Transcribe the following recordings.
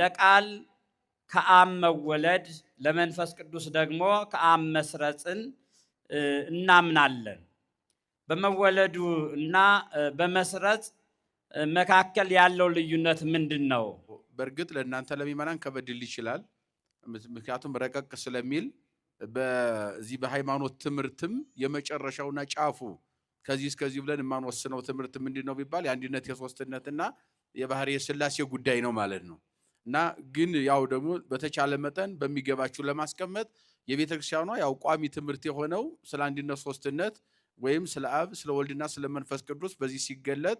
ለቃል ከአብ መወለድ ለመንፈስ ቅዱስ ደግሞ ከአብ መስረጽን እናምናለን። በመወለዱ እና በመስረጽ መካከል ያለው ልዩነት ምንድን ነው? በእርግጥ ለእናንተ ለሚመናን ከበድል ይችላል። ምክንያቱም ረቀቅ ስለሚል በዚህ በሃይማኖት ትምህርትም የመጨረሻውና ጫፉ ከዚህ እስከዚህ ብለን የማንወስነው ትምህርት ምንድን ነው ቢባል የአንድነት የሶስትነትና የባህሪ የስላሴ ጉዳይ ነው ማለት ነው። እና ግን ያው ደግሞ በተቻለ መጠን በሚገባችሁ ለማስቀመጥ የቤተ ክርስቲያኗ ያው ቋሚ ትምህርት የሆነው ስለ አንድነት ሶስትነት ወይም ስለ አብ ስለ ወልድና ስለ መንፈስ ቅዱስ በዚህ ሲገለጥ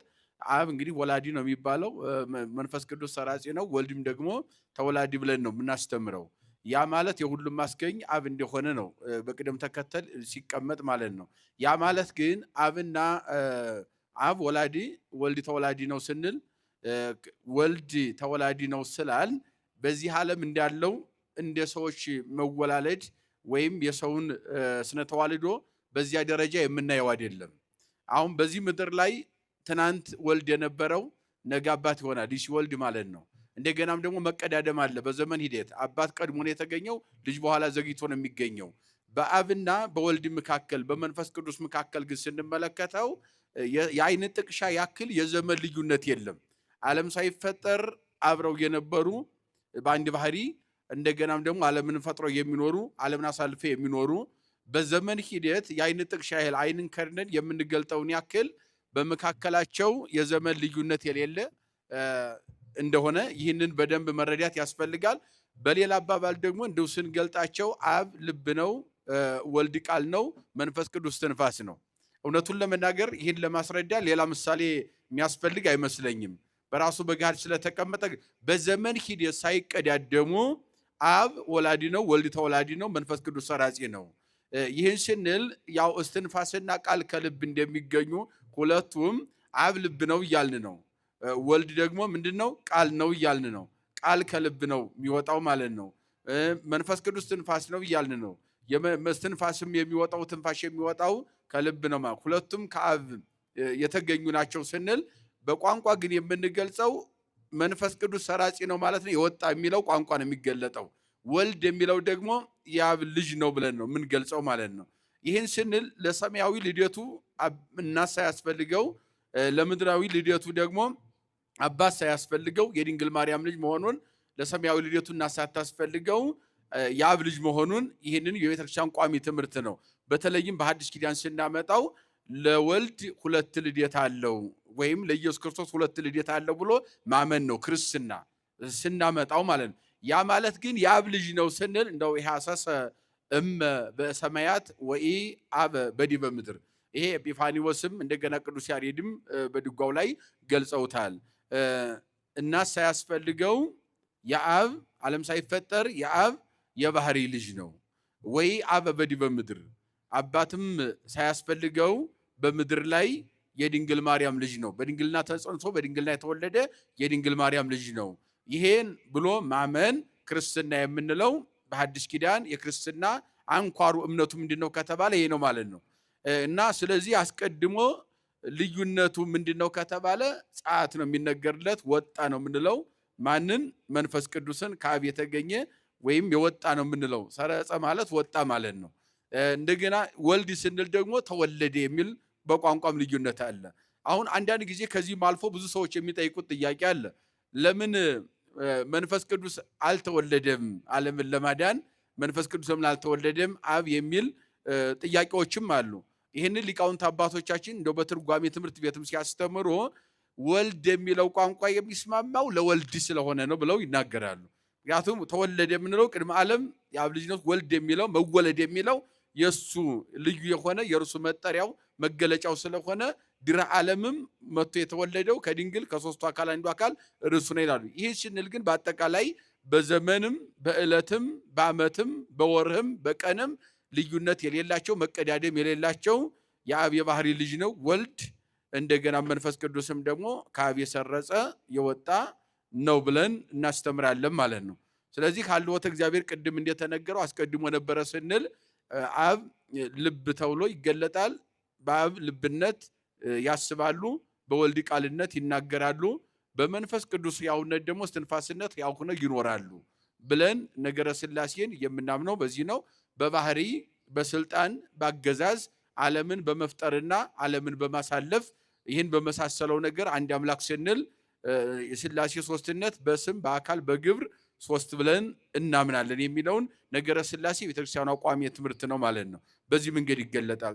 አብ እንግዲህ ወላዲ ነው የሚባለው፣ መንፈስ ቅዱስ ሰራጺ ነው፣ ወልድም ደግሞ ተወላዲ ብለን ነው የምናስተምረው። ያ ማለት የሁሉም ማስገኝ አብ እንደሆነ ነው በቅደም ተከተል ሲቀመጥ ማለት ነው። ያ ማለት ግን አብና አብ ወላዲ ወልድ ተወላዲ ነው ስንል ወልድ ተወላዲ ነው ስላል በዚህ ዓለም እንዳለው እንደ ሰዎች መወላለድ ወይም የሰውን ስነ ተዋልዶ በዚያ ደረጃ የምናየው አይደለም። አሁን በዚህ ምድር ላይ ትናንት ወልድ የነበረው ነገ አባት ይሆናል። ይህ ሲወልድ ማለት ነው። እንደገናም ደግሞ መቀዳደም አለ። በዘመን ሂደት አባት ቀድሞ ነው የተገኘው፣ ልጅ በኋላ ዘግይቶ ነው የሚገኘው። በአብና በወልድ መካከል በመንፈስ ቅዱስ መካከል ግን ስንመለከተው የአይን ጥቅሻ ያክል የዘመን ልዩነት የለም። ዓለም ሳይፈጠር አብረው የነበሩ በአንድ ባህሪ እንደገናም ደግሞ ዓለምን ፈጥረው የሚኖሩ ዓለምን አሳልፈው የሚኖሩ በዘመን ሂደት የአይን ጥቅሻ ያህል አይንን ከድነን የምንገልጠውን ያክል በመካከላቸው የዘመን ልዩነት የሌለ እንደሆነ ይህንን በደንብ መረዳት ያስፈልጋል። በሌላ አባባል ደግሞ እንደው ስንገልጣቸው አብ ልብ ነው፣ ወልድ ቃል ነው፣ መንፈስ ቅዱስ ትንፋስ ነው። እውነቱን ለመናገር ይህን ለማስረዳ ሌላ ምሳሌ የሚያስፈልግ አይመስለኝም። በራሱ በጋር ስለተቀመጠ በዘመን ሂደት ሳይቀዳደሙ አብ ወላዲ ነው፣ ወልድ ተወላዲ ነው፣ መንፈስ ቅዱስ ሰራጺ ነው። ይህን ስንል ያው እስትንፋስና ቃል ከልብ እንደሚገኙ ሁለቱም አብ ልብ ነው እያልን ነው። ወልድ ደግሞ ምንድን ነው? ቃል ነው እያልን ነው። ቃል ከልብ ነው የሚወጣው ማለት ነው። መንፈስ ቅዱስ ትንፋስ ነው እያልን ነው። ትንፋስም የሚወጣው ትንፋሽ የሚወጣው ከልብ ነው ሁለቱም ከአብ የተገኙ ናቸው ስንል በቋንቋ ግን የምንገልጸው መንፈስ ቅዱስ ሰራጺ ነው ማለት ነው። የወጣ የሚለው ቋንቋ ነው የሚገለጠው። ወልድ የሚለው ደግሞ የአብ ልጅ ነው ብለን ነው የምንገልጸው ማለት ነው። ይህን ስንል ለሰማያዊ ልደቱ እናት ሳያስፈልገው፣ ለምድራዊ ልደቱ ደግሞ አባት ሳያስፈልገው የድንግል ማርያም ልጅ መሆኑን ለሰማያዊ ልደቱ እናት ሳታስፈልገው የአብ ልጅ መሆኑን ይህንን የቤተክርስቲያን ቋሚ ትምህርት ነው። በተለይም በሐዲስ ኪዳን ስናመጣው ለወልድ ሁለት ልደት አለው ወይም ለኢየሱስ ክርስቶስ ሁለት ልደት አለው ብሎ ማመን ነው ክርስትና ስናመጣው ማለት ነው። ያ ማለት ግን የአብ ልጅ ነው ስንል እንደው ኢሐሰሰ እም በሰማያት ወኢ አበ በዲበ ምድር ይሄ ኤጲፋኒዎስም እንደገና ቅዱስ ያሬድም በድጓው ላይ ገልጸውታል። እና ሳያስፈልገው የአብ ዓለም ሳይፈጠር የአብ የባህሪ ልጅ ነው ወይ አበ በዲበ ምድር አባትም ሳያስፈልገው በምድር ላይ የድንግል ማርያም ልጅ ነው። በድንግልና ተጸንሶ በድንግልና የተወለደ የድንግል ማርያም ልጅ ነው። ይሄን ብሎ ማመን ክርስትና የምንለው በሐዲስ ኪዳን የክርስትና አንኳሩ እምነቱ ምንድን ነው ከተባለ ይሄ ነው ማለት ነው። እና ስለዚህ አስቀድሞ ልዩነቱ ምንድን ነው ከተባለ ጸአት ነው የሚነገርለት ወጣ ነው የምንለው ማንን መንፈስ ቅዱስን ከአብ የተገኘ ወይም የወጣ ነው የምንለው ሰረጸ ማለት ወጣ ማለት ነው። እንደገና ወልድ ስንል ደግሞ ተወለደ የሚል በቋንቋም ልዩነት አለ። አሁን አንዳንድ ጊዜ ከዚህም አልፎ ብዙ ሰዎች የሚጠይቁት ጥያቄ አለ። ለምን መንፈስ ቅዱስ አልተወለደም? ዓለምን ለማዳን መንፈስ ቅዱስ ለምን አልተወለደም አብ የሚል ጥያቄዎችም አሉ። ይህንን ሊቃውንት አባቶቻችን እንደው በትርጓሜ ትምህርት ቤትም ሲያስተምሩ ወልድ የሚለው ቋንቋ የሚስማማው ለወልድ ስለሆነ ነው ብለው ይናገራሉ። ምክንያቱም ተወለደ የምንለው ቅድመ ዓለም የአብ ልጅነት ወልድ የሚለው መወለድ የሚለው የእሱ ልዩ የሆነ የእርሱ መጠሪያው መገለጫው ስለሆነ ድረ ዓለምም መጥቶ የተወለደው ከድንግል ከሶስቱ አካል አንዱ አካል እርሱ ነው ይላሉ። ይህ ስንል ግን በአጠቃላይ በዘመንም በዕለትም በዓመትም በወርህም በቀንም ልዩነት የሌላቸው መቀዳደም የሌላቸው የአብ የባህሪ ልጅ ነው ወልድ። እንደገና መንፈስ ቅዱስም ደግሞ ከአብ የሰረጸ የወጣ ነው ብለን እናስተምራለን ማለት ነው። ስለዚህ ሀልዎተ እግዚአብሔር ቅድም እንደተነገረው አስቀድሞ ነበረ ስንል አብ ልብ ተብሎ ይገለጣል። በአብ ልብነት ያስባሉ፣ በወልድ ቃልነት ይናገራሉ፣ በመንፈስ ቅዱስ ያውነት ደግሞ እስትንፋስነት ሕያው ሆነው ይኖራሉ ብለን ነገረ ስላሴን የምናምነው በዚህ ነው። በባህሪ በስልጣን በአገዛዝ ዓለምን በመፍጠርና ዓለምን በማሳለፍ ይህን በመሳሰለው ነገር አንድ አምላክ ስንል የሥላሴ ሶስትነት በስም በአካል በግብር ሶስት ብለን እናምናለን የሚለውን ነገረ ስላሴ ቤተክርስቲያኗ ቋሚ ትምህርት ነው ማለት ነው። በዚህ መንገድ ይገለጣል።